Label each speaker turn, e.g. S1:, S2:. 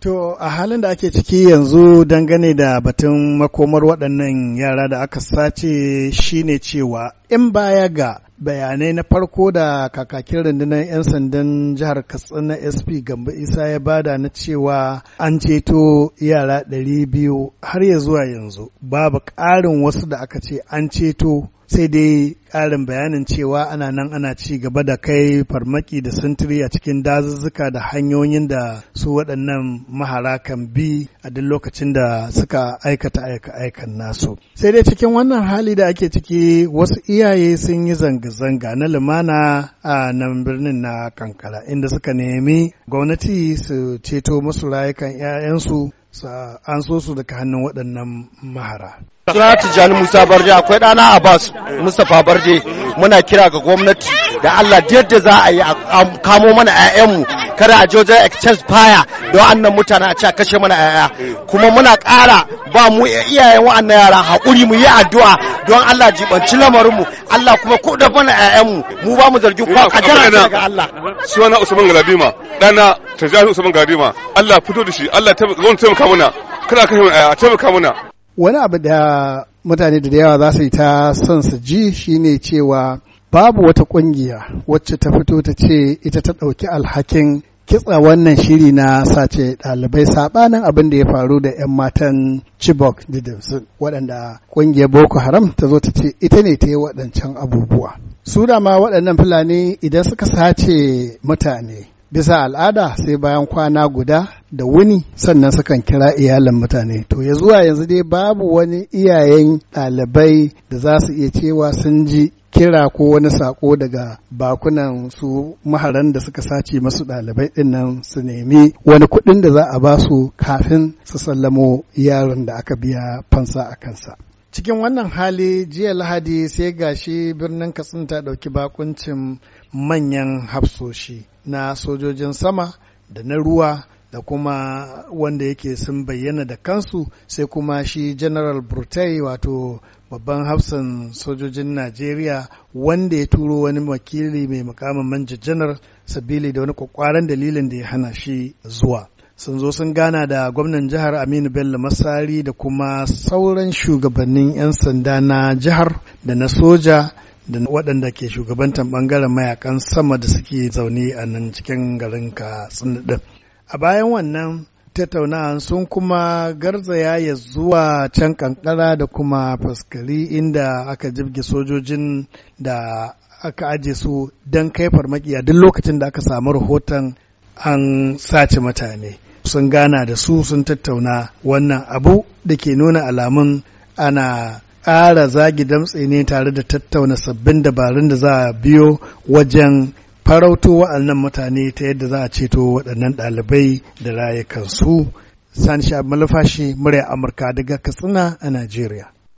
S1: To a halin da ake ciki yanzu dangane da batun makomar waɗannan yara da aka sace shi ne cewa in baya ga bayanai na farko da kakakin rundunar 'yan sandan jihar katsina sp gamba isa ya bada na cewa an ceto yara 200 har ya zuwa yanzu babu ƙarin wasu da aka ce an ceto sai dai ƙarin bayanin cewa ana nan ana ci gaba da kai farmaki da sintiri a cikin dazuzzuka da hanyoyin da su waɗannan mahara kan bi a duk lokacin da suka aikata aika-aikan nasu sai dai cikin wannan hali da ake ciki wasu iyaye sun yi zanga-zanga na lumana a nan birnin na kankara inda suka nemi gwamnati su ceto masu rayukan 'ya'yansu an so su daga hannun waɗannan mahara. Suna Tijjani Musa Barje akwai ɗana a Abbas Mustapha Barje muna kira ga gwamnati da Allah yadda za a yi a kamo mana 'ya'yanmu kada a jojo exchange fire da wa'annan mutane a ce kashe mana 'ya'ya kuma muna ƙara ba mu iyayen wa'annan yara haƙuri mu yi addu'a don Allah jibanci lamarinmu Allah kuma ko da bana ƴaƴanmu mu ba mu zargi ko kadara daga Allah suna Usman Galadima dana Tajahi Usman Galadima Allah fito da shi Allah zan taimaka mana kada ka a taimaka mana wani abu da mutane da yawa za su yi ta son su ji shine cewa babu wata kungiya wacce ta fito ta ce ita ta ɗauki alhakin kitsa wannan shiri na sace ɗalibai saɓanin abin da ya faru da 'yan matan Chibok da Didimson waɗanda ƙungiyar Boko Haram ta zo ta ce ita ne ta yi waɗancan abubuwa. Su ma waɗannan Fulani idan suka sace mutane bisa al'ada sai bayan kwana guda da wuni sannan sukan kira iyalan mutane to ya zuwa yanzu dai babu wani iyayen ɗalibai da za su iya cewa sun ji kira ko wani sako daga bakunan su maharan da suka sace masu ɗalibai ɗinnan su nemi wani kuɗin da za a ba su kafin su sallamo yaron da aka biya fansa a kansa cikin wannan hali jiya lahadi sai gashi birnin katsina ta ɗauki bakuncin manyan hafsoshi na sojojin sama da na ruwa da kuma wanda yake sun bayyana da kansu sai kuma shi general burtai wato babban hafsan sojojin najeriya wanda ya turo wani wakili mai mukamin manja general sabili da wani kwakwaran dalilin da ya hana shi zuwa sun zo sun gana da gwamnan jihar aminu bello masari da kuma sauran shugabannin 'yan sanda na jihar da na soja da waɗanda ke shugabantar ɓangaren mayakan sama da suke zaune a nan cikin garin ka ɗin a bayan wannan tattaunawa sun kuma garzaya ya zuwa can kankara da kuma faskari inda aka jibge sojojin da aka aje su don kai farmaki a duk lokacin da aka samu rahoton an sace mutane. sun gana da su sun tattauna wannan abu da ke nuna alamun ana ƙara zagi damtse ne tare da tattauna sabbin dabarun da za a biyo wajen farauto wa'annan mutane ta yadda za a ceto waɗannan ɗalibai da rayukansu. Sani Shahab Malafashi, murya Amurka daga Katsina a Najeriya.